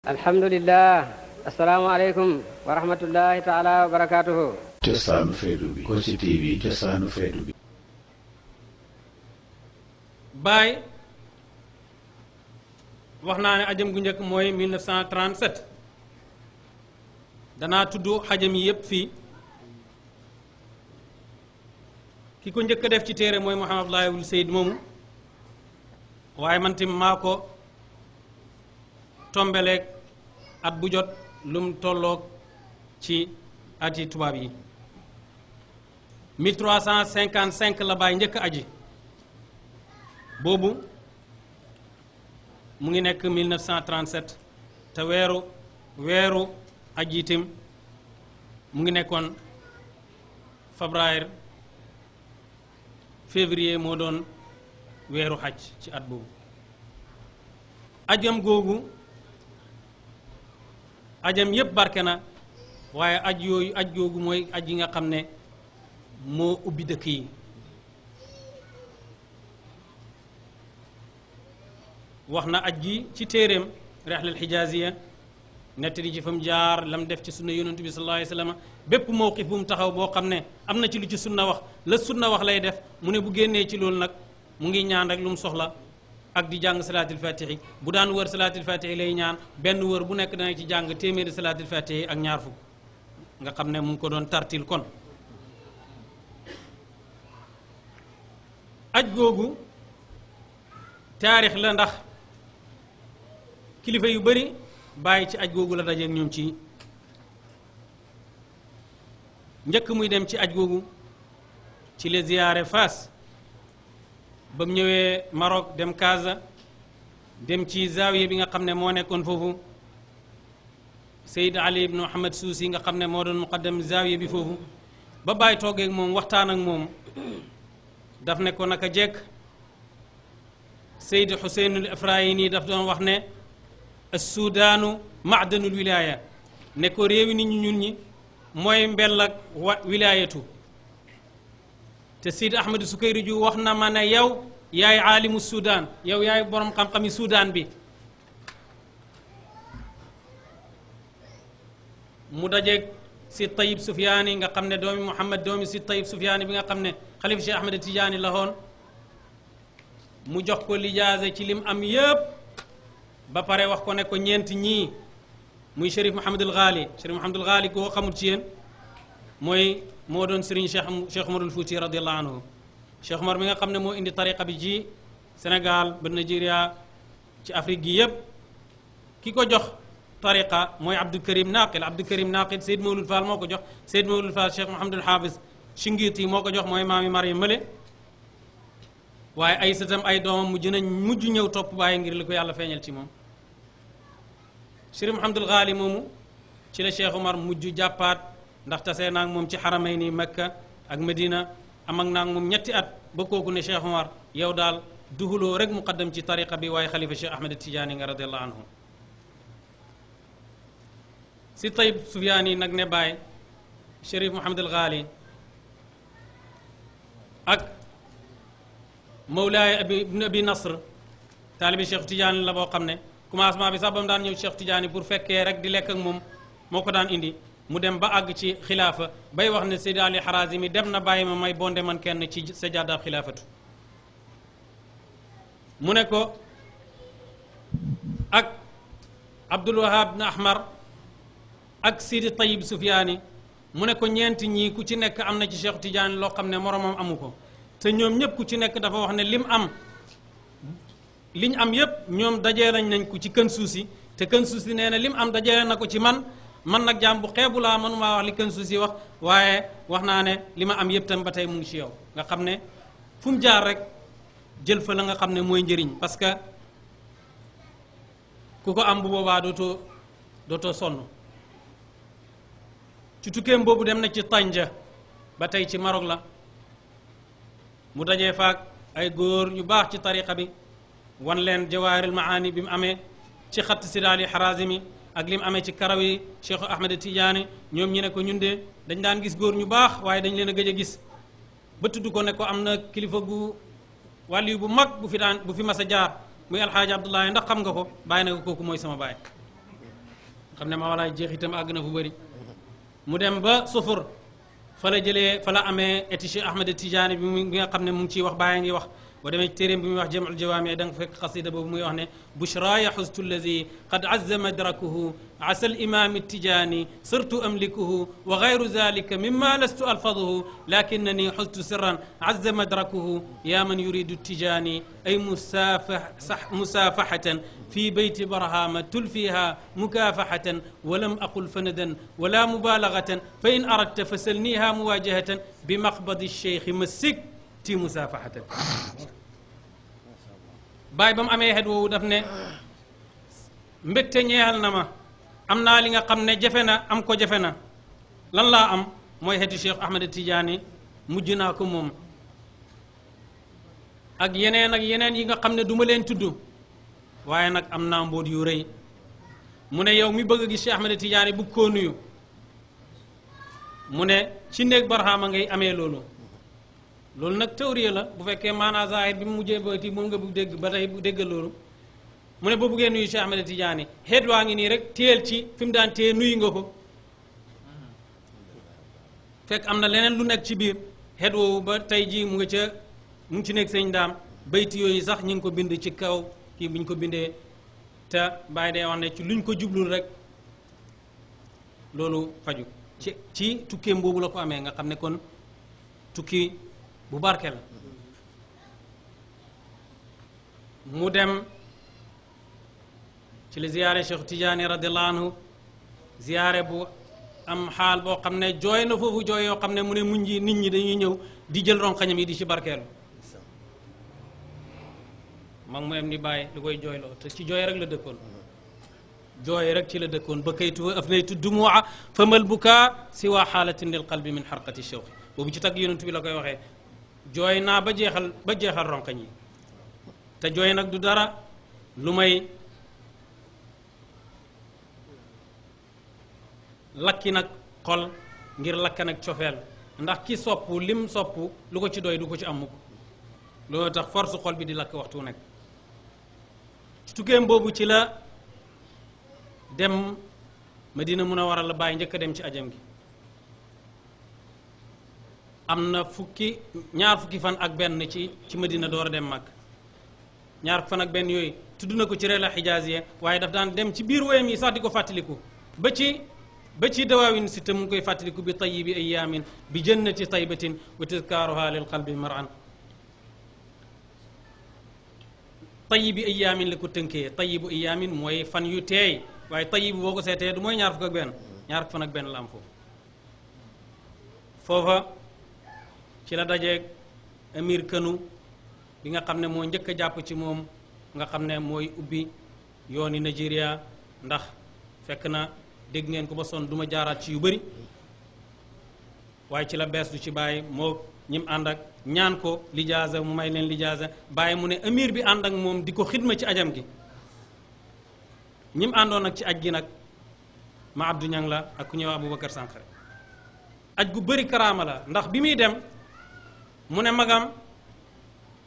alhamdulilah asalaamaaleykum wa rahmatullahi taala wa barakaatuhu feetu bi Kossy TV cosaanu feetu bi Baye wax naa ne ajam gu njëkk mooy 1937 danaa tudd xajam yi yépp fii ki ko njëkk def ci téere mooy Mouhamadou Laye wul Seyd moomu waaye man maa ko tombeleeg at bu jot lum tolloog ci ati tubaab yi 1355 la Baay njëkk aji boobu mu ngi nekk 1937 te weeru weeru aji itam mu ngi nekkoon février février moo doon weeru xaj ci at boobu ajam googu ajam yëpp barke na waaye aj yooyu aj googu mooy aj yi nga xam ne moo ubbi dëkk yi wax na aj gi ci téeréem rexlal xijaaziya nettali ci fa mu jaar lam def ci sunna yonentu bi sallallahu alayhi wa sallam bépp mawqif bu mu taxaw boo xam ne am na ci lu ci sunna wax la sunna wax lay def mu ne bu génnee ci loolu nag mu ngi ñaan rek lu mu soxla ak di jàng salaatul fatihi bu daan wër salaatul fatihi lay ñaan benn wër bu nekk dana ci jàng téeméeri salaatul fatihi ak ñaar fukk nga xam ne mu ngi ko doon tartil kon aj googu taarix la ndax kilifa yu bari bàyyi ci aj googu la dajeek ñoom ci njëkk muy dem ci aj googu ci les ziyaare Fass ba mu ñëwee Maroc dem Casa dem ci zaawiya bi nga xam ne moo nekkoon foofu Seyd Ali ibn Ahmed Suusi nga xam ne moo doon muqaddam zaawiya bi foofu ba bàyyi toogee moom waxtaan ak moom daf ne ko naka jekk Seyd Xuseynul Efrayini daf doon wax ne as-Sudaanu macdanul wilaaya ne ko réewi nit ñu ñun ñi mooy mbell ak wa te Sidi Ahmed Soukeyri ju wax na ma ne yow yaay aalimu Soudan yow yaay borom xam-xami Soudan bi mu dajeeg si Tayib Soufiane nga xam ne doomi Mouhamed doomi si Tayib Soufiane bi nga xam ne xalifa Cheikh Ahmed Tidiane la woon mu jox ko lijaase ci lim am yëpp ba pare wax ko ne ko ñeent ñii muy Cherif Mouhamadul Ghali Cherif Mouhamadul Ghali koo xamul ci yéen mooy. moo doon sëriñ Cheikh Cheikh Umarul Fouti radiallahu anhu Cheikh Umar mi nga xam ne moo indi tariqa bi ji Sénégal ba Nigeria ci Afrique gi yëpp ki ko jox tariqa mooy Abdou Karim Naqil Abdou Karim Naqil Seyd Mawlud Fall moo ko jox Seyd Mawlud Fall Cheikh Mouhamadul Hafiz Shingiti moo ko jox mooy maami Mariam Mële waaye ay sëtam ay doomam mujj nañ mujj ñëw topp bàyyi ngir li ko yàlla feeñal ci moom Cheikh Mouhamadul Ghali moomu ci la Cheikh Umar mujj jàppaat ndax tasee naa mom ci xaramay Makka ak Medina am ak nak mom ñetti at ba koku ne Cheikh Omar yow dal duhulo rek muqaddam ci tariqa bi way khalifa Cheikh Ahmed Tidiane nga radiyallahu anhu si tayib sufyaan nak ne bay cheikh mohammed al Ghali ak Mawlaay abi ibn abi Nasr taalibi Cheikh Tidiane la boo xam ne commencement bi sax ba mu daan ñëw Cheikh Tidiane pour fekkee rek di lekk ak moom moo daan indi. mu dem ba àgg ci xilaafa bay wax ne Seydi xaraasi mi dem na bàyyi ma may bonde man kenn ci sajaadaab xilaafatu mu ne ko ak Abdul Wahab bin Ahmar ak Sidi Tayyib Sufyaani mu ne ko ñeent ñii ku ci nekk am na ci Cheikh Tidiane loo xam ne moromam amu ko te ñoom ñëpp ku ci nekk dafa wax ne lim am liñ am yëpp ñoom dajee nañ nañ ko ci kën suusi te kën suusi nee na lim am dajee na ko ci man man nag jaam bu xeebu laa mënumaa wax li kenn si wax waaye wax naa ne li ma am yëpp tam ba tey mu ngi ci yow nga xam ne fu jaar rek jël fa la nga xam ne mooy njëriñ parce que ku ko am bu boobaa dootoo dootoo sonn ci tukkeem boobu dem na ci Tanja ba tey ci Maroc la mu dajee faak ay góor ñu baax ci tariqa bi wan leen jawaaril maani bi mu amee ci xat xatt sidaali xaraasi mi aglim ame chikarawi ci Ahmed Tijani nyom nyine ko ñun de dañ daan gis góor ñu baax waaye dañ leen a gis ba du ko ne ko amna na kilifa gu wàlliyu bu mag bu fi daan bu fi mas jaar muy alxaaji Abdoulaye ndax xam nga ko na ko kooku mooy sama baay ne ma walaay jeex itam fu mu dem ba sufur fa la jëlee fa la Ahmed Tijani bi nga xamne mu ngi ciy wax bàyyi wax ودم التيرم بموح جمع الجوامع دنك فك قصيدة بموحنة بشرايا حزت الذي قد عز مدركه عسى الإمام التجاني صرت أملكه وغير ذلك مما لست ألفظه لكنني حزت سرا عز مدركه يا من يريد التجاني أي مسافح مسافحة في بيت برهامة تلفيها مكافحة ولم أقل فندا ولا مبالغة فإن أردت فسلنيها مواجهة بمقبض الشيخ مسك ci musaafahatan baay ba mu amee xet woowu daf ne mbégte ñeexal na ma am naa li nga xam ne jafe na am ko jafe na lan laa am mooy xetu Cheikh Ahmed Tidiane mujj naa ko moom ak yeneen ak yeneen yi nga xam ne duma leen tudd waaye nag am naa mbóot yu rëy mu ne yow mi bëgg a gis Cheikh Ahmed Tidiane bu koo nuyu mu ne ci néeg barxaama ngay amee loolu loolu nag théorie la bu fekkee maanaa zaahir bi mu mujjee bayti moom nga bëgg dégg ba tey déggal loolu mu ne boo buggee nuyu Cheikh Ahmed Tidiane xeet waa ngi nii rek téyel ci fi daan téye nuyu nga ko fekk am na leneen lu nekk ci biir xeet woowu ba tey jii mu nga ca mu ngi ci nekk sëñ daam bayti yi sax ñu ngi ko bind ci kaw kii bu ñu ko bindee te bàyyi day wax ne ci luñ ko jublul rek loolu faju ci ci tukkeem boobu la ko amee nga xam ne kon tukki bu barkeel mu dem ci li ziyaare Cheikh Tidiane radiallahu anhu ziyaare bu am xaal boo xam ne jooy na foofu jooy yoo xam ne mu ne muñ ji nit ñi dañuy ñëw di jël ronxañam yi di ci barkeelu mag mu em ni bàyyi lu koy jooyloo te ci jooy rek la dëkkoon jooy rek ci la dëkkoon ba kaytu af naytu famal bukaa si waa lil qalbi min xarqati shawqi boobu ci tagg yonent bi la koy waxee jooy naa ba jeexal ba jeexal ronqañ yi te jooy nag du dara lu may lakki nag xol ngir lakka nag cofeel ndax ki sopp lim soppu lu ko ci doy du ko ci am mukk loolu tax force xol bi di lakk waxtu nekk ci boobu ci la dem Madina Munawwara la bàyyi njëkk a dem ci ajam gi am na fukki ñaar fukki fan ak benn ci ci madina door a dem mag ñaar fan ak benn yooyu tudd na ko ci reela xijaasiye waaye daf daan dem ci biir woyam yi sax di ko fàttaliku ba ci ba ci dawaawin si te mu ngi koy fàttaliku bi tayibi ayaamin bi jannati taybatin wa tizkaaruha lil qalbi mar'an tayibi ayaamin la ko tënkee tayibu ayaamin mooy fan yu teey waaye tayibu boo ko seetee du mooy ñaar fukk ak benn ñaar fukk ak benn la am foofu ci la dajeeg Amir kënu bi nga xam ne moo njëkk a jàpp ci moom nga xam ne mooy ubbi yooni Nigeria ndax fekk na dégg ngeen ko ba son duma jaaraat ci yu bari waaye ci la bees du ci bàyyi moo ñim ànd ak ñaan ko lijaasa mu may leen lijaasa bàyyi mu ne amir bi ànd ak moom di ko xidma ci ajam gi ñim àndoon ak ci aj gi nag ma Abdou Ñang la ak ku ñëw Aboubacar Sankhare aj gu bëri karaama la ndax bi muy dem mu ne magam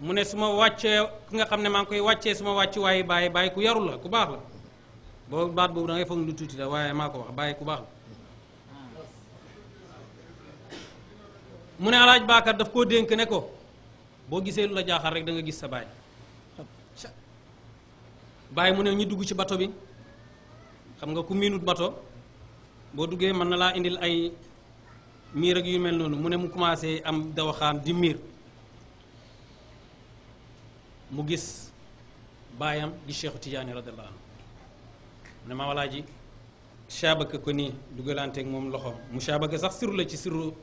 mu ne suma wàccee ki nga xam ne maa ngi koy wàccee suma wàcc waaye bàyyi bàyyi ku yarul la ku baax la boobu baat boobu da ngay foog lu tuuti la waaye maa ko wax bàyyi ku baax la mu ne alaaj baakar daf koo dénk ne ko boo gisee lu la jaaxal rek da nga gis sa baay bàyyi mu ne ñu dugg ci bato bi xam nga ku miinut bato boo duggee mën na laa indil ay miir ak yu mel noonu mu ne mu commencé am dawaxaan di miir mu gis baayam di Cheikhu Tidiane radiyallahu anhu mu ne ma walaaji ko nii dugalanteeg moom loxo mu saabaka sax siru la ci siru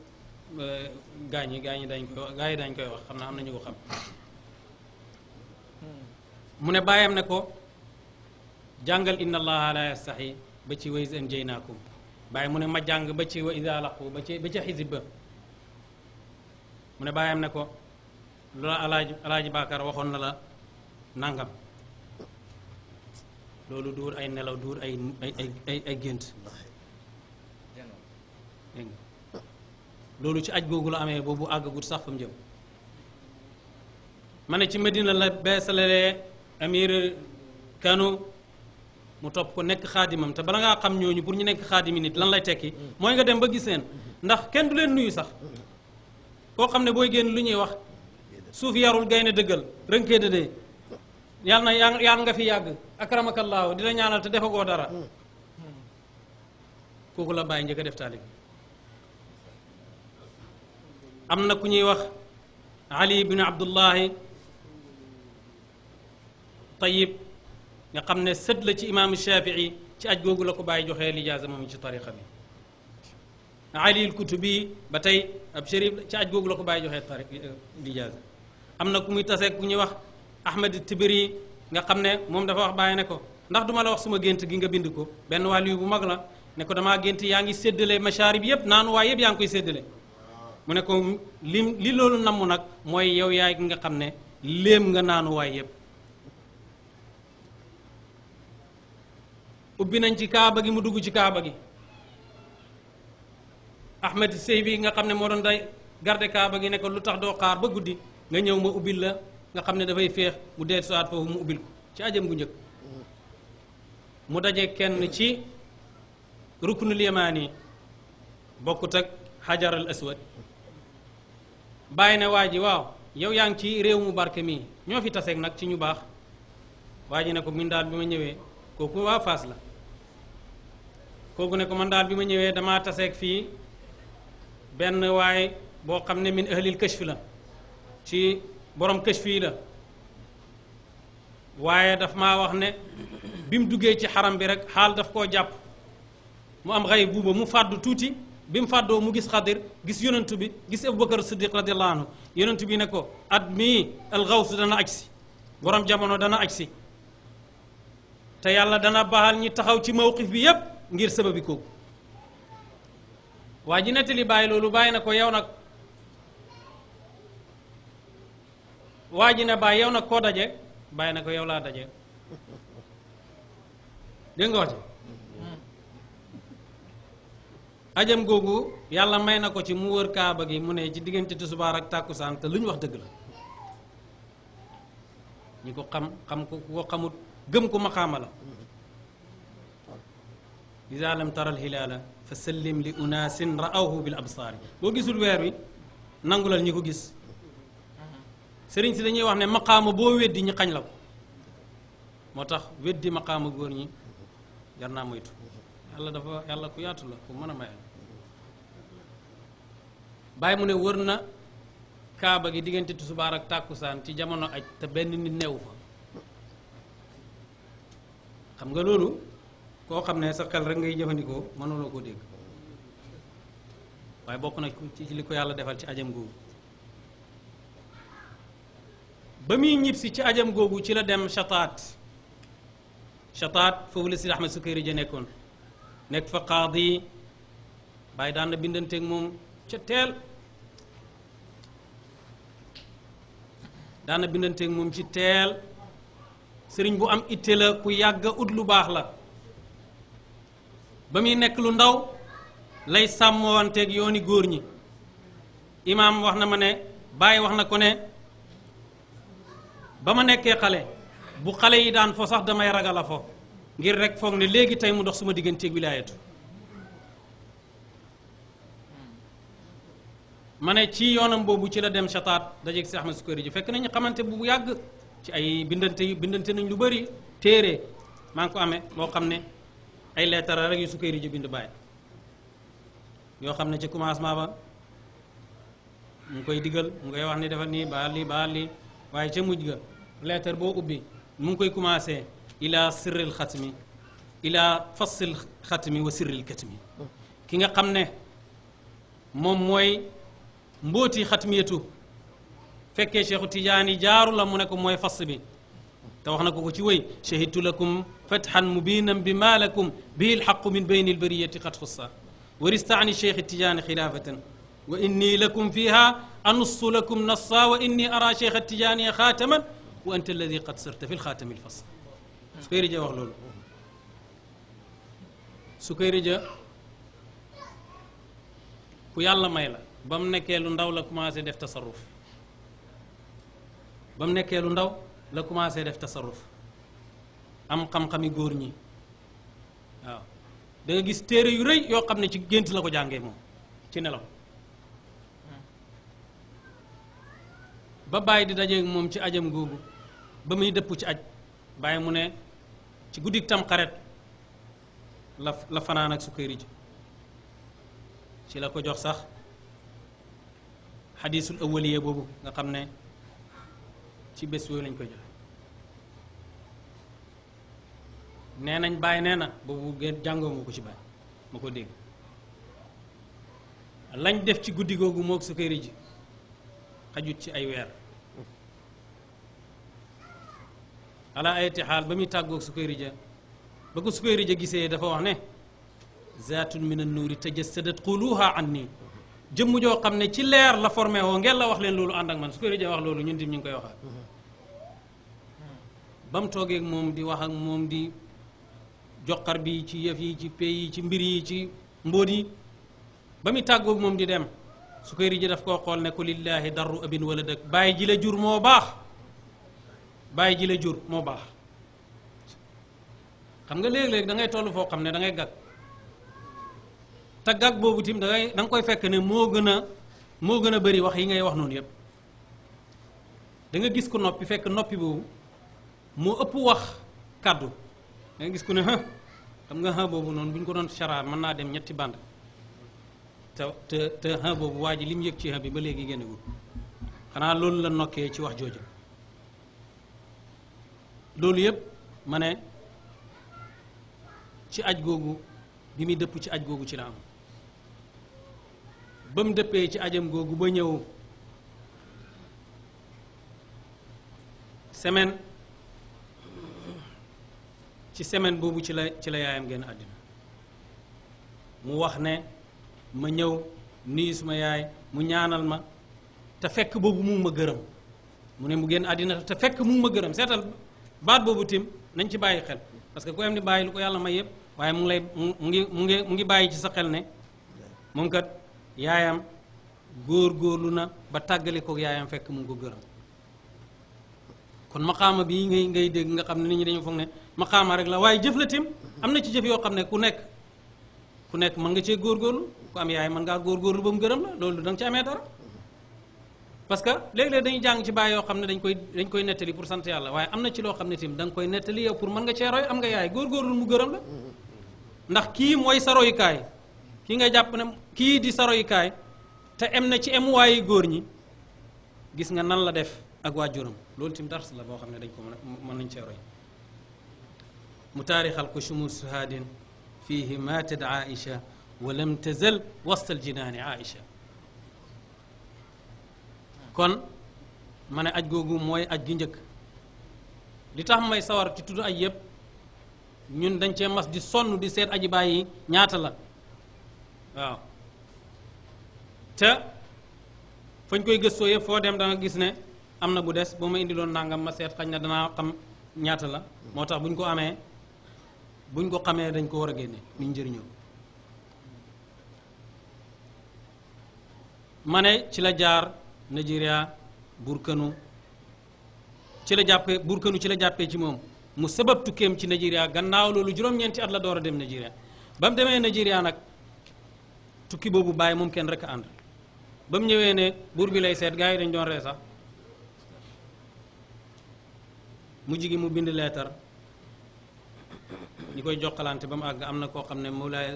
eh, gaañ yi gaañ yi dañ koy dañ koy wax xam naa am na ñu ko xam mu ne baayam ne ko jàngal inna allaha la yastahi ba ci ways an jay naakum bàyyi mu ne ma jàng ba ci wa ida laqu ba ci ba ci xisib ba mu ne bàyyam ne ko loola alaaj alaaj bakar waxoon na la nangam loolu duur ay nelaw duur ay ay ay gént dégg loolu ci aj googu la amee boobu àggagut sax fa mu jëm ma ne ci madina la beesalalee amir kanu mu topp ko nekk xaadimam te bala ngaa xam ñooñu pour ñu nekk xaadimi nit lan lay tekki mooy nga dem ba gis leen ndax kenn du leen nuyu sax koo xam ne booy génn lu ñuy wax suuf yarul gaynde dëggal rënkee dëdee yàlla na yàlla nga fi yàgg akramakallaahu di la ñaanal te defagoo dara kooku la bàyyi njëkk a def taalib am na ku ñuy wax ali ibnu abdullahi tayib nga xam ne sëdd la ci imaamu Shafii ci aj googu la ko bàyyi joxee lijaasa moom ci tariqa bi Ali al-Kutubi ba tey ab shérif ci aj googu la ko bàyyi joxe tari lijaasa am na ku muy tasee ku ñuy wax Ahmed Tibiri nga xam ne moom dafa wax bàyyi ne ko ndax duma la wax suma gént gi nga bind ko benn wàllu bu mag la ne ko dama gént yaa ngi séddale masharib yëpp naanu waay yëpp yaa ngi koy séddale mu ne ko li li loolu namm nag mooy yow yaay gi nga xam ne léem nga naanu yëpp ubbi nañ ci kaaba gi mu dugg ci kaaba gi Ahmed Sey bi nga xam ne moo doon day garde kaaba gi ne ko lu tax doo xaar ba guddi nga ñëw ma ubbil la nga xam ne dafay féex mu dee soit foofu mu ubbil ko ci ajam gu njëkk mu daje kenn ci ruknul yamaani bokkut ak xajar al aswad bàyyi na waa ji waaw yow yaa ngi ci réew mu barke mii ñoo fi taseeg nag ci ñu baax waa ji ne ko min daal bi ma ñëwee kooku waa Faas la kooku ne ko man daal bi ma ñëwee damaa taseeg fii benn waay boo xam ne min ahlil kashf la ci borom kashf yi la waaye daf maa wax ne bi mu duggee ci xaram bi rek xaal daf koo jàpp mu am xay buuba mu fàddu tuuti bi mu fàddoo mu gis xadir gis yonentu bi gis abubakar siddiq radiallahu anhu yonentu bi ne ko at mii alxawsu dana aj si borom jamono dana aj si te yàlla dana baaxal ñi taxaw ci mawqif bi yépp ngir sababi kooku waa ji nettali bàyyi loolu bàyyi na ko yow nag waa ji ne bàyyi yow nag koo daje bàyyi na ko yow laa daje dégg nga wax ci ajam googu yàlla may na ko ci mu wër kaaba gi mu ne ci diggante tusubaar ak tàkkusaan te lu ñu wax dëgg la ñi ko xam xam ko ko xamut gëm ko ma xaama ida lam tara alhilaala fa sallim li unaasin ra'awhu bil absaari boo gisul weer wi nangulal ñi ko gis sëriñ si dañuy wax ne maqaama boo weddi ñi xañ la ko moo tax weddi maqaama góor ñi jar naa moytu yàlla dafa yàlla ku yaatu la ku mën a mayal bàyyi mu ne wër na kaaba gi diggante tusubaar ak tàkkusaan ci jamono aj te benn nit neewu fa xam nga loolu koo xam ne sa xel rek ngay jëfandikoo mënuloo koo dégg waaye bokk na ci li ko yàlla defal ci ajam googu ba muy ñibbisi ci ajam googu ci la dem chataat chataat foofu la Sidi Ahmed Sukkari ja nekkoon nekk fa qaadi bàyyi daan na bindanteeg moom ca teel daan na bindanteeg moom ci teel sëriñ bu am itte la ku yàgg ut lu baax la ba muy nekk lu ndaw lay sàmmoonteeg yooni góor ñi imaam wax na ma ne bàyyi wax na ko ne ba ma nekkee xale bu xale yi daan fo sax damay ragal a fo ngir rek foog ne léegi tey mu dox suma digganteeg wilaayatu ma ne ci yoonam boobu ci la dem chataat dajeeg si Ahmad Sukari ji fekk nañu xamante bu yàgg ci ay bindante bindante nañ lu bari téere maa ngi ko ame moo xam ne ay lettre rek yu Sukayri ju bindu bàyyi yo xamne ci commencement ba mu koy diggal mu koy wax ni dafa ni bali bali baal ci mujj ga ubbi mu koy commencer ila sirril khatmi ila fasil khatmi wa sirril katmi ki nga xamne mom moy mboti khatmiyatu fekke cheikhou tidiane tijaani la mu ne ko fas bi te wax na ko ko ci wëy shahidtu lakum فتحا مبينا بما لكم به الحق من بين البرية قد خصا ورستعني شيخ التجان خلافة وإني لكم فيها أنص لكم نصا وإني أرى شيخ التجان خاتما وأنت الذي قد صرت في الخاتم الفصل سكيري جا وغلول سكيري جا ku الله may la ba mu لكم هذا ndaw la commencé def tasarruf ba am xam-xami góor ñi waaw danga gis téere yu rëy yoo xam ne ci gént la ko jànge moom ci nelaw ba bàyyi di dajeeg moom ci ajam googu ba muy dëpp ci aj bàyyi mu ne ci guddi tam xaret la la fanaan ak sukkari ji ci la ko jox sax xadiisul awwaliye boobu nga xam ne ci bés yooyu lañ ko jox nee nañ bàyyi nee na ba bu jàngoo ma ko ci bàyyi ma ko dégg lañ def ci guddi googu moog sukkari ji xajut ci ay weer ala ay tixaal ba muy tàggoog sukkari ja ba ko sukkari ja gisee dafa wax ne zatun min annouri tajassadat quluha an ni jëmm joo xam ne ci leer la formé woo ngeen la wax leen loolu ànd ak man sukkari ja wax loolu ñun tim ñu ngi koy waxaat ba mu toogeeg moom di wax ak moom di joxar bi ci yëf yi ci pay yi ci mbir yi ci mbóot yi ba muy tàggoog moom di dem su koy riji daf koo xool ne ko lillaahi darru abin wala dëkk bàyyi ji la jur moo baax bàyyi ji la jur moo baax xam nga léeg-léeg da ngay toll foo xam ne dangay ngay gàgg te gàgg boobu tim da ngay da nga koy fekk ne moo gën a moo gën a bari wax yi ngay wax noonu yépp danga gis ko noppi fekk noppi boobu moo ëpp wax kàddu da nga gis ko ne ha xam nga ha boobu noonu bu ñu ko doon saraar mën naa dem ñetti band te te te ha boobu waa ji li yëg ci ha bi ba léegi génnagul xanaa loolu la nokkee ci wax jooju loolu yëpp ma ne ci aj googu bi muy dëpp ci aj googu ci la am ba mu dëppee ci ajam googu ba ñëw semaine ci semaine boobu ci la ci la yaayam génn àddina mu wax ne ma ñëw nuyu suma yaay mu ñaanal ma te fekk boobu mu ma gërëm mu ne mu génn àddina te fekk mu ma gërëm seetal baat boobu tim nañ ci bàyyi xel parce que ku am di bàyyi lu ko yàlla may yëpp waaye mu ngi lay mu ngi mu ngi mu ngi bàyyi ci sa xel ne moom kat yaayam góor-góorlu na ba tàggale ko yaayam fekk mu ngi ko gërëm kon maqaama bii ngay ngay dégg nga xam ne nit ñi dañu foog ne maqaama rek la waaye jëf la tim am na ci jëf yoo xam ne ku nekk ku nekk mën nga cee góor góorgóorlu ku am yaay mën ngaa góorgóorlu ba mu gërëm la loolu da nga ci amee dara parce que léeg-léeg dañuy jàng ci baay yoo xam ne dañ koy dañ koy nettali pour sant yàlla waaye am na ci loo xam ne tim da nga koy nettali yow pour mën nga cee roy am nga yaay góorgóorlu mu gërëm la ndax kii mooy saroyukaay kii nga jàpp ne kii di saroyukaay te em na ci emuwaay yi góor ñi gis nga nan la def ak waajuram loolu tim dars la boo xam ne dañ ko mën nañ cee roy mu taarixal ko chumu suhaadin fiihi maatat aïcha wa lam tazal wastal jinaani aïcha kon ma ne aj googu mooy aj gi njëkk li tax may sawar ci tudd aj yépp ñun dañ cee mas di sonn di seet aji bàyyi ñaata la waaw te fañ koy gëstoo yëpp foo dem da gis ne am na bu des boo ma indiloon nangam ma seet xañ na danaa xam ñaata la moo tax bu ñu ko amee buñ ko xamee dañ ko war a génne niñ njëriñoo ma ne ci la jaar Nigeria Burkina ci la jàppee Burkina ci la jàppee ci moom mu sabab tukkeem ci Nigeria gannaaw loolu juróom-ñeenti at la door a dem Nigeria ba mu demee Nigeria nag tukki boobu bàyyi moom kenn rekk a ba mu ñëwee ne buur bi lay seet gars yi dañ doon ree sax mujj gi mu bind leetar ñi koy jokkalante ba mu àgg am na koo xam ne Moulaay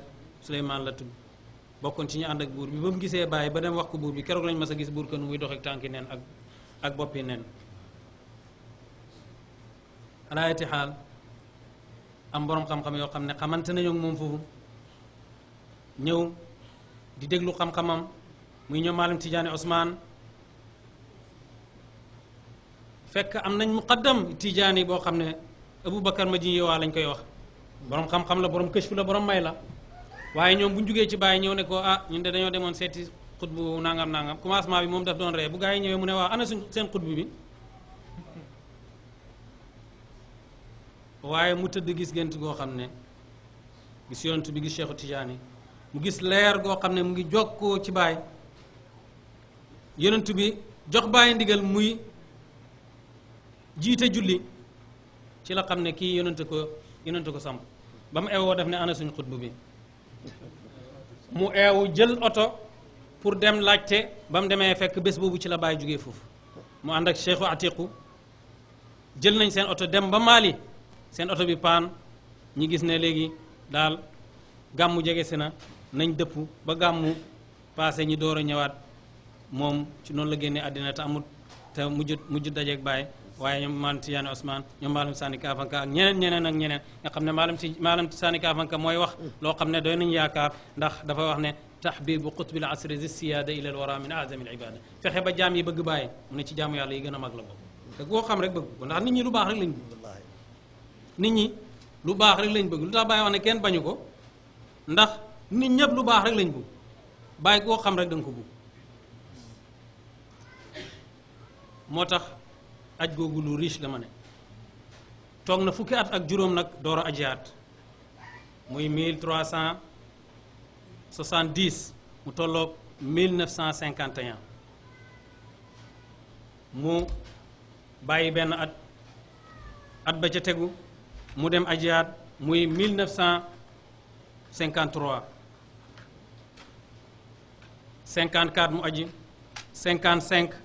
Souleymane la tudd bokkoon ci ñu ànd ak buur bi ba mu gisee bàyyi ba dem wax ko buur bi keroog lañ mas a gis buur kën muy dox ak tànki neen ak ak boppi neen alaayati xaal am boroom xam yoo xam ne xamante nañu moom foofu ñëw di déglu xam-xamam muy ñoom Maalim Tijaani Osmaan fekk am nañ muqaddam Tijaani boo xam ne Aboubacar ma ji yowaa lañ koy wax borom xam-xam la borom këchfu la borom may la waaye ñoom bu ñu ci bàyyi ne ko ah ñun de dañoo demoon seeti nangam nangam commencement bi moom daf doon ree bu gai yi ñëwee mu ne waaw ana suñ seen xutbu bi waaye mu tëdd gis gént goo xam ne gis yonent bi gis Cheikhu Tijaani mu gis leer goo xam ne mu ngi jokkoo ci baay yonent bi jox bàyyi ndigal muy jiite julli ci la xam ne kii yonent ko yonent ko sam ba mu eewoo daf ne ana suñ xutbu bi mu eewu jël oto pour dem laajte ba mu demee fekk bés boobu ci la bàyyi jógee foofu mu ànd ak Cheikhu Atiqu jël nañ seen oto dem ba maali seen oto bi paan ñi gis ne léegi daal gàmmu jege si na nañ dëpp ba gàmmu paase ñi door a ñëwaat moom ci noonu la génnee àddina te amut te mujj mujj dajeeg bàyyi waaye ñoom maalam Tidiane Ousmane ñoom maalam Sani Kafanka ak ñeneen ñeneen ak ñeneen nga xam ne maalam ti maalam Sani Kafanka mooy wax loo xam ne doy nañu yaakaar ndax dafa wax ne tax biir tahbibu qutbil asri zi siyaada ila al wara min azami al ibada fexe ba jaam yi bëgg bàyyi mu ne ci jaamu yàlla yi gën a mag la bokk te koo xam rek bëgg ko ndax nit ñi lu baax rek lañ bëgg nit ñi lu baax lañ bëgg lu tax bàyyi wax ne kenn bañu ko ndax nit ñëpp lu baax rek lañ bëgg bàyyi koo xam rek da ko moo tax aj googu lu riche dama ne toog na fukki at ak juróom nag door a ajiyaat muy 1370 mu tolloog mille 1951 mu bàyyi benn at at ba ca tegu mu dem ajiyaat muy 1953 54 mu aji cinquante 55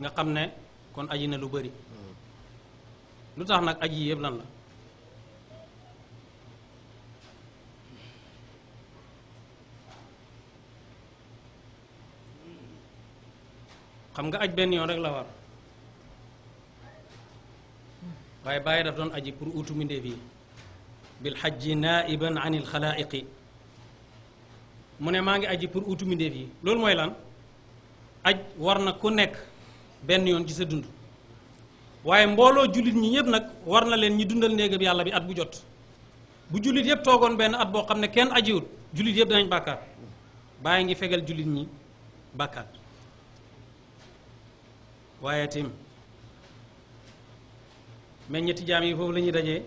nga xamne kon aji na lu bëri lutax nak aji yeb lan la xam nga aji ben yon rek la war way baye daf don aji pour outu minde yi bil hajj naiban 'anil khala'iq mune mu ne aji pour outu minde yi lol moy lan aj warna ku nek benn yoon ci sa dund waaye mbooloo jullit ñi ñëpp nag war na leen ñi dundal néegam yàlla bi at bu jot bu jullit yëpp toogoon benn at boo xam ne kenn ajiwut jullit yëpp danañ bàkkaat bàyyi ngi fegal jullit ñi bàkkaar waaye tim meññeeti jaam yi foofu lañuy dajee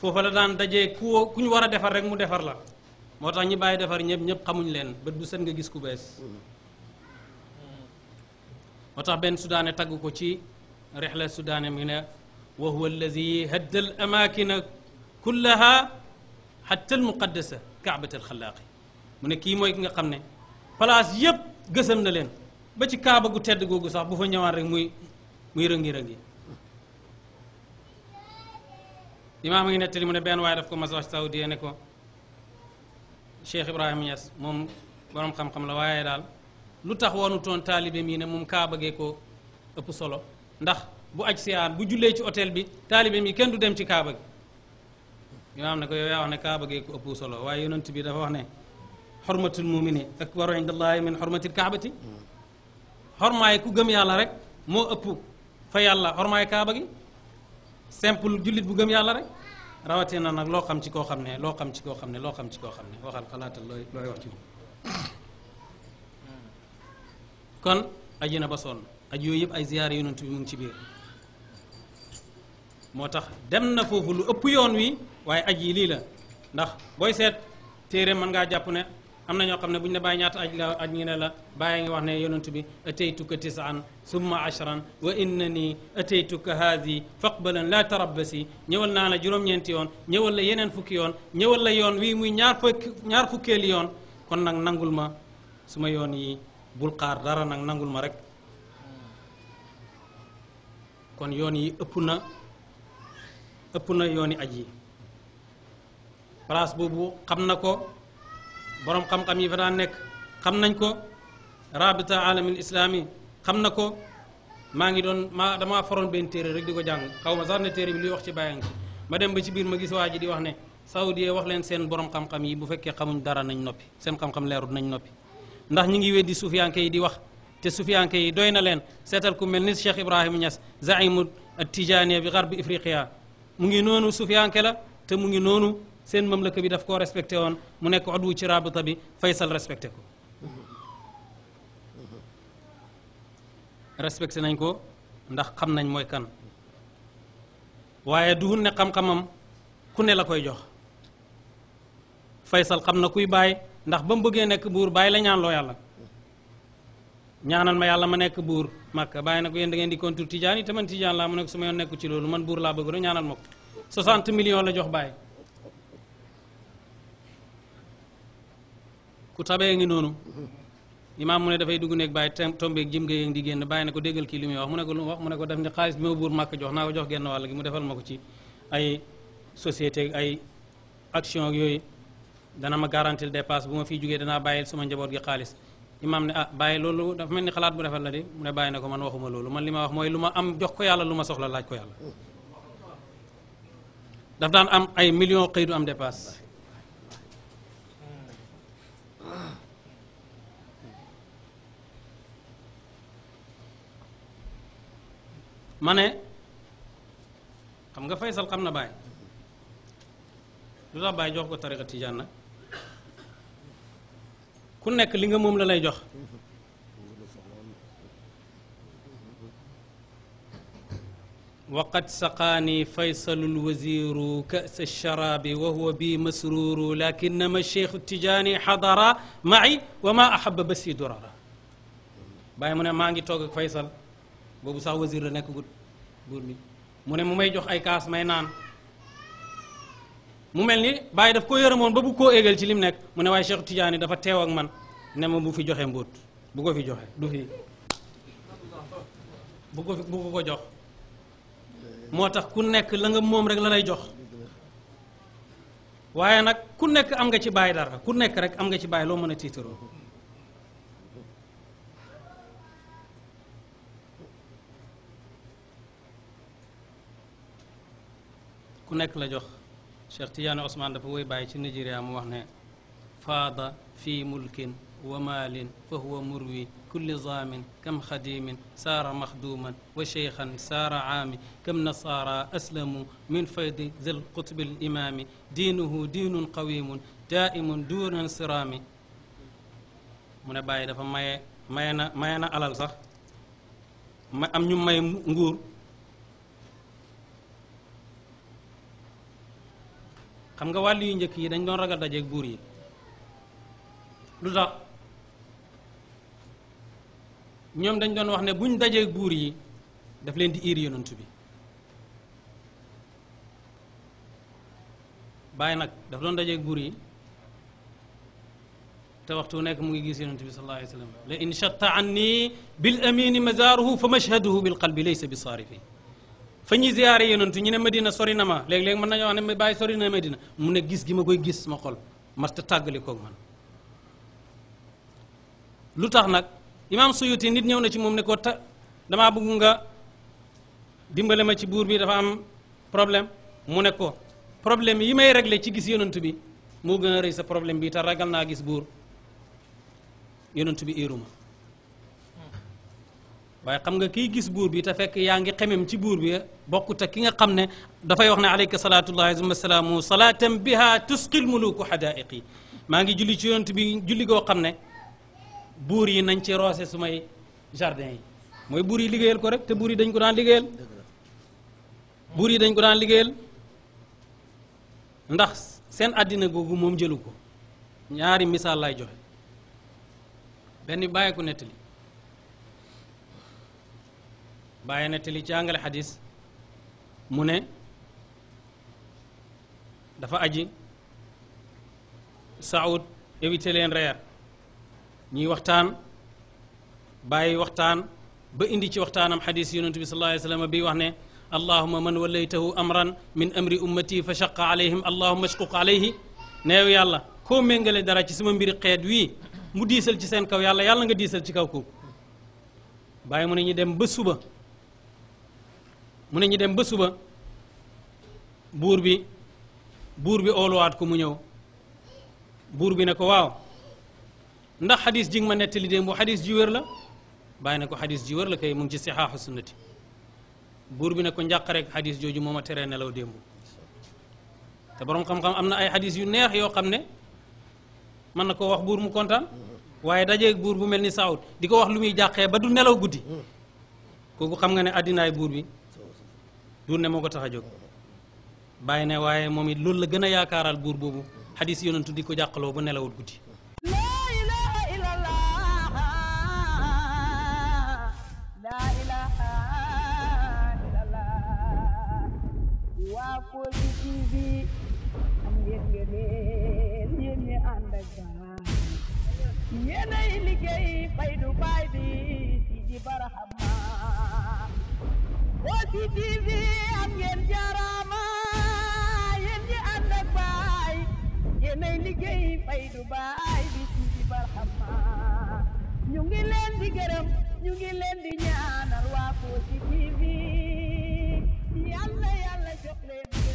foofa la daan dajee ku ku ñu war a defar rek mu defar la moo tax ñi bàyyi defar ñëpp ñëpp xamuñ leen bët bu set nga gis ku bees moo tax benn sudaane tagg ko ci rexla sudaane mi ne wa huwa alladi hadda al amakina kullaha hatta al muqaddasa kaabat al xalaaqi mu ne kii mooy ki nga xam ne place yëpp gësam na leen ba ci kaaba gu tedd googu sax bu fa ñëwaan rek muy muy rëngi-rëngi imaam a ngi nettali mu ne benn waaye daf ko mas wax saoudiya ne ko Cheikh Ibrahima Niass moom borom xam-xam la waaye daal lu tax wonu toon taalibe mii ne mum ka gee ko ëpp solo ndax bu aj siyaan bu jullé ci hôtel bi talibé mi kën du dem ci kaaba gi imaam ne ko yow yaa wax ne ka gee ko ëpp solo way yonent bi dafa wax ne hurmatul mumini akbaru indallahi min hurmatil ka'bati xormaay ku gëm yàlla rek mo ëpp fa yàlla xormaay ka gi simple julit bu gëm yàlla rek rawati na nak lo xam ci ko xamne lo xam ci ko xamne lo xam ci ko xamne waxal xalaatal looy looy wax ci moom kon aji na ba sonn aj yooyu yëpp ay ziyaar yonent bi mu ci biir moo tax dem na foofu lu ëpp yoon wi waaye aj yi lii la ndax booy seet téere man ngaa jàpp ne am na ñoo xam ne bu ñu la bàyyi ñaata aj la aj ngi ne la bàyyi nga wax ne yonent bi ataytuka tisaan summa ashran wa nii innani ataytuka haadi faqbalan laa tarabbasi ñëwal naa la juróom-ñeenti yoon ñëwal la yeneen fukki yoon ñëwal la yoon wii muy ñaar fukki ñaar yoon kon nag nangul ma suma yoon yi bul xaar dara nag nangul ma rek kon yoon yi ëpp na ëpp na yooni aj yi place boobu xam na ko boroom xam-xam yi fa daan nekk xam nañ ko rabita alamil islaami xam na ko maa ngi doon maa damaa faroon benn téere rek di ko jàng xaw ma sax ne téere bi luy wax ci bàyyi ma dem ba ci biir ma gis waa ji di wax ne saoudiye wax leen seen borom xam-xam yi bu fekkee xamuñ dara nañ noppi seen xam-xam leerut nañ noppi ndax ñi ngi weddi suufiyanke yi di wax te suufiyanke yi doy na leen seetal ku mel ni Cheikh Ibrahima Niass zaimu tijaaniya bi garbi Ifriqiya mu ngi noonu suufiyanke la te mu ngi noonu seen mamlaka bi daf koo respecté woon mu nekk odwu ci rabita bi Faysal respecté ko respecté nañ ko ndax xam nañ mooy kan waaye duhun ne xam-xamam ku ne la koy jox Faysal xam na kuy bàyyi ndax ba mu bëggee nekk buur bàyyi la ñaan loo yàlla ñaanal ma yàlla ma nekk buur màkka bàyyi na ko yéen da ngeen di kontur tijaan yi te man tijaan laa mu nekk su ma yoon nekku ci loolu man buur laa bëgg rek ñaanal ma ko 60 la jox bàyyi ku tabee ngi noonu imaam mu ne dafay dugg nekk bàyyi tombeeg jim nga di génn bàyyi na ko déggal kii li muy wax mu ne ko lu mu mu ne ko def ni xaalis bi ma buur màkk jox naa ko jox genn ma ko ci ay ay action yooyu dana ma garantil dépasse bu ma fiy jógee danaa bàyyil sama njaboot gi xaalis ma am ne ah bàyyi loolu dafa mel ni xalaat bu rafet la de mu ne bàyyi na ko man waxuma loolu man li ma wax mooy lu ma am jox ko yàlla lu ma soxla laaj ko yàlla daf daan am ay million xëy du am dépasse ma ne xam nga Faysal xam na bàyyi lu tax bàyyi jox ko tariqa tijaan ku nekk li nga وقد سقاني فيصل الوزير كأس الشراب وهو بي مسرور لكنما الشيخ التجاني حضر معي وما أحب بسي درارا باي مونے ماغي توك فيصل بوبو صاح وزير نيكو غور مي مونے مومي جوخ اي كاس ماي نان mu melni baye daf ko yërëmoon ba bu ko egal ci lim nek mu ne way Cheikh Tidiane dafa tew ak man ne ma bu fi joxe mbot bu ko fi joxe du fi bu ko bu ko jox motax ku nek la nga mom rek la lay jox waye nak ku nek am nga ci baye dara ku nek rek am nga ci baye lo meuna a ku nek la jox شرطيان عثمان دفوي بايش يا موحنا فاض في ملك ومال فهو مروي كل ظام كم خديم سار مخدوما وشيخا سار عام كم نصارى أسلموا من فيض ذي القطب الإمام دينه دين قويم دائم دون انصرام من باي دفا ماي ماينا ماينا على الصح ما ام ني ماي نغور xam nga wàllu yu njëkk yi dañ doon ragal dajeeg buur yi lu tax ñoom dañ doon wax ne buñ dajeeg buur yi daf leen di iir yonent bi bàyyi nag daf doon dajeeg buur yi te waxtu nekk mu ngi gis yonent bi sallallahu alayhi wa sallam la in shatta anni bil amini mazaaruhu fa mashhaduhu bil laysa bi fa ñuy ziyaare yonantu ñu ne Medina sori na ma léeg-léeg mën nañoo wax ne bàyyi sori na dina mu ne gis gi ma koy gis ma xol masta tàggali koog man lu tax nag am Suyuti nit ñëw na ci moom ne ko ta damaa bëgg nga dimbale ma ci buur bi dafa am problème mu ne ko problème yi may réglé ci gis yonantu bi moo gën a rëy sa problème bi te ragal naa gis buur yonantu bi iiruma waye xam nga kiy gis buur bi te fekk yaa ngi xemem ci buur bi bokkut ak ki nga xam ne dafay wax ne alayka salaatullahi wa salaamu salaatan biha tusqil muluku xadaaiqi maa ngi julli ci yonent bi julli goo xam ne buur yi nañ ci roose sumay jardin yi mooy buur yi liggéeyal ko rek te buur yi dañ ko daan liggéeyal buur yi dañ ko daan liggéeyal ndax seen àddina googu moom jëlu ko ñaari misaal lay joxe benn bàyyi ko nettali bàyyi na te li jàngale xadis mu ne dafa aji saawut éviter leen reer ñuy waxtaan bàyyi waxtaan ba indi ci waxtaanam xadis yonentu bi sallallahu alayhi wa sallam bi wax ne allahuma man wallaytahu amran min amri ummati fa shaqa alayhim allahuma shquq alayhi neew yàlla koo méngale dara ci sama mbiri xeet wii mu diisal ci seen kaw yàlla yàlla nga diisal ci kaw kooku bàyyi mu ne ñu dem ba suba mu ne ñu dem ba suba buur bi buur bi ooluwaat ko mu ñëw buur bi ne ko waaw ndax xadis jig nga ma nettali démb bu xadis ji la bàyyi na ko xadis ji wér la kay mu ngi ci sixaaxu sunnati buur bi ne ko njàq rek xadis jooju moom ma teree nelaw démb te boroom xam-xam am na ay xadis yu neex yoo xam ne mën na koo wax buur mu kontaan waaye dajeeg buur bu mel ni saawut di ko wax lu muy jàqee ba du nelaw guddi kooku xam nga ne addinaay buur bi du ne moo ko tax a jóg bàyyi ne waaye moom it loolu la gën a yaakaaral buur boobu xadis yonentu di ko jàqaloo ba nelawul guddi yéenay liggéey fay du baay bi ci ji Kossy TV am ngeen jaaraama yéen ñi ànd baay yéenay liggéey fay du baay bi ci barxama ñu ngi gërëm ñu ngi leen di ñaanal waa Kossy TV yàlla yàlla leen